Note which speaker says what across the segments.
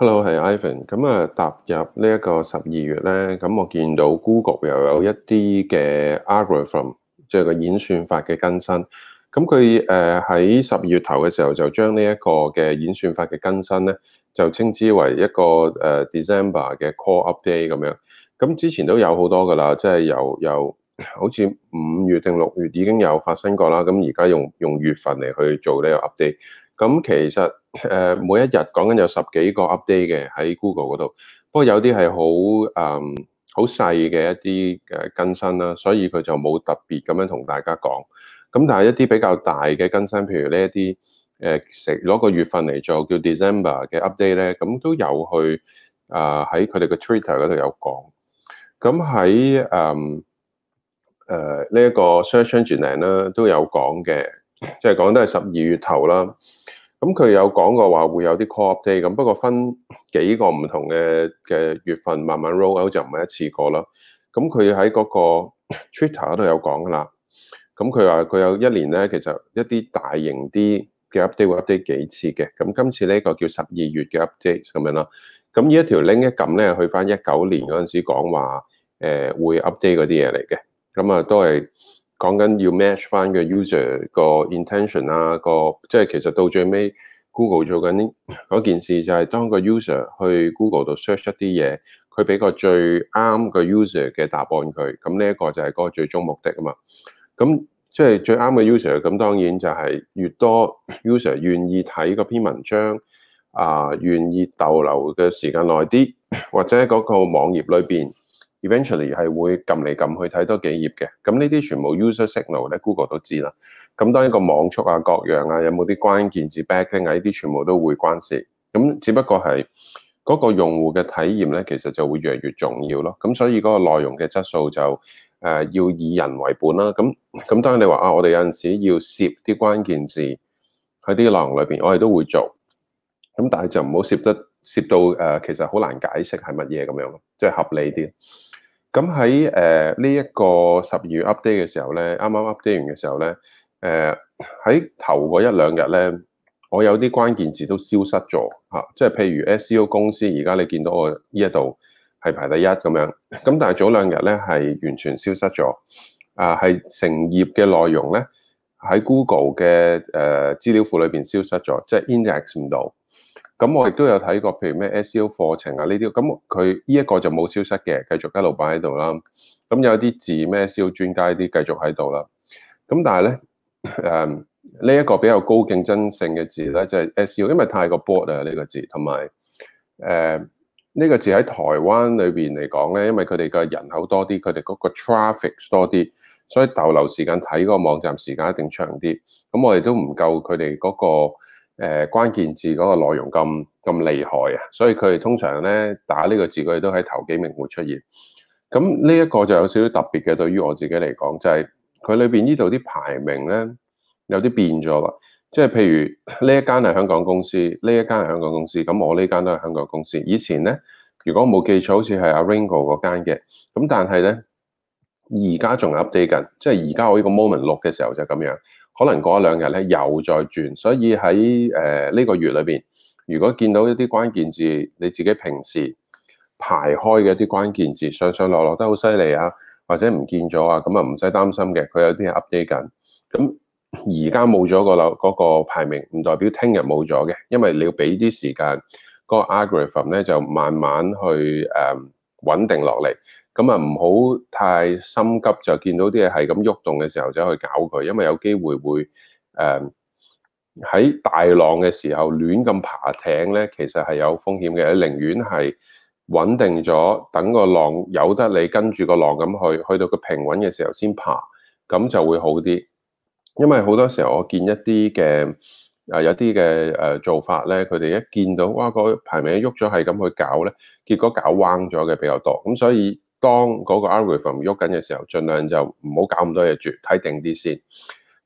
Speaker 1: Hello，係 Ivan。咁啊，踏入呢一個十二月咧，咁、嗯、我見到 Google 又有一啲嘅 Algorithm，即係個演算法嘅更新。咁佢誒喺十二月頭嘅時候就將呢一個嘅演算法嘅更新咧，就稱之為一個誒 December 嘅 Core Update 咁樣。咁、嗯、之前都有多、就是、好多噶啦，即係由由好似五月定六月已經有發生過啦。咁而家用用月份嚟去做呢個 update。咁、嗯、其實。誒，每一日講緊有十幾個 update 嘅，喺 Google 嗰度，不過有啲係好誒好細嘅一啲嘅更新啦，所以佢就冇特別咁樣同大家講。咁但係一啲比較大嘅更新，譬如呢一啲誒食攞個月份嚟做叫 December 嘅 update 咧，咁、嗯、都有去啊喺、呃、佢哋嘅 Twitter 嗰度有講。咁喺誒誒呢一個 Search Engine 咧都有講嘅，即係講都係十二月頭啦。咁佢有講過話會有啲 call update 咁，不過分幾個唔同嘅嘅月份慢慢 roll out 就唔係一次過咯。咁佢喺嗰個 Twitter 度有講啦。咁佢話佢有一年咧，其實一啲大型啲嘅 update 會 update 幾次嘅。咁今次呢個叫十二月嘅 update 咁樣啦。咁呢一條 link 一撳咧，去翻一九年嗰陣時講話誒會 update 嗰啲嘢嚟嘅。咁啊都係。講緊要 match 翻個 user 個 intention 啊、嗯，個即係其實到最尾 Google 做緊嗰件事就係當個 user 去 Google 度 search 一啲嘢，佢俾個最啱個 user 嘅答案佢，咁呢一個就係嗰個最終目的啊嘛。咁即係最啱嘅 user，咁當然就係越多 user 願意睇嗰篇文章啊、呃，願意逗留嘅時間耐啲，或者嗰個網頁裏邊。eventually 係會撳嚟撳去睇多幾頁嘅，咁呢啲全部 user signal 咧 Google 都知啦。咁當一個網速啊、各樣啊、有冇啲關鍵字 backlink 啊，呢啲全部都會關事。咁只不過係嗰個用戶嘅體驗咧，其實就會越嚟越重要咯。咁所以嗰個內容嘅質素就誒要以人為本啦。咁咁當然你話啊，我哋有陣時要攝啲關鍵字喺啲內容裏邊，我哋都會做。咁但係就唔好攝得。涉到誒，其實好難解釋係乜嘢咁樣，即係合理啲。咁喺誒呢一個十二月 update 嘅時候咧，啱啱 update 完嘅時候咧，誒喺頭嗰一兩日咧，我有啲關鍵字都消失咗嚇，即係譬如 SEO 公司，而家你見到我呢一度係排第一咁樣，咁但係早兩日咧係完全消失咗，啊係成頁嘅內容咧喺 Google 嘅誒資料庫裏邊消失咗，即係 index 唔到。咁我亦都有睇過，譬如咩 SEO 課程啊呢啲，咁佢呢一個就冇消失嘅，繼續一路擺喺度啦。咁有啲字咩 SEO 專家啲繼續喺度啦。咁但係咧，誒呢一個比較高競爭性嘅字咧，就係、是、SEO 因為太過 board 啊呢個字，同埋誒呢個字喺台灣裏邊嚟講咧，因為佢哋嘅人口多啲，佢哋嗰個 traffic 多啲，所以逗留時間睇嗰個網站時間一定長啲。咁我哋都唔夠佢哋嗰個。誒關鍵字嗰個內容咁咁厲害啊，所以佢哋通常咧，打呢個字，佢哋都喺頭幾名會出現。咁呢一個就有少少特別嘅，對於我自己嚟講，就係佢裏邊呢度啲排名咧有啲變咗啦。即係譬如呢一間係香港公司，呢一間係香港公司，咁我呢間都係香港公司。以前咧，如果我冇記錯，好似係阿 Ringo 嗰間嘅。咁但係咧，而家仲 update 緊，即係而家我呢個 moment 錄嘅時候就係咁樣。可能過兩日咧又再轉，所以喺誒呢個月裏邊，如果見到一啲關鍵字，你自己平時排開嘅一啲關鍵字上上落落得好犀利啊，或者唔見咗啊，咁啊唔使擔心嘅，佢有啲係 update 緊。咁而家冇咗個樓嗰個排名，唔代表聽日冇咗嘅，因為你要俾啲時間，個 algorithm 咧，就慢慢去誒。呃穩定落嚟，咁啊唔好太心急，就見到啲嘢係咁喐動嘅時候就去搞佢，因為有機會會誒喺、呃、大浪嘅時候亂咁爬艇咧，其實係有風險嘅。你寧願係穩定咗，等個浪有得你跟住個浪咁去，去到個平穩嘅時候先爬，咁就會好啲。因為好多時候我見一啲嘅。啊，有啲嘅誒做法咧，佢哋一見到哇個排名喐咗，係咁去搞咧，結果搞彎咗嘅比較多。咁所以當嗰個 algorithm 喐緊嘅時候，盡量就唔好搞咁多嘢住，睇定啲先。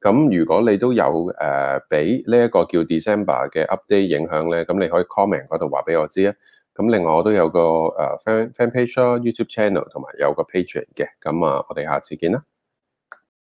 Speaker 1: 咁如果你都有誒俾呢一個叫 December 嘅 update 影響咧，咁你可以 comment 嗰度話俾我知啊。咁另外我都有個誒 fan fan page、啊、YouTube channel 同埋有，有個 patron 嘅。咁啊，我哋下次見啦。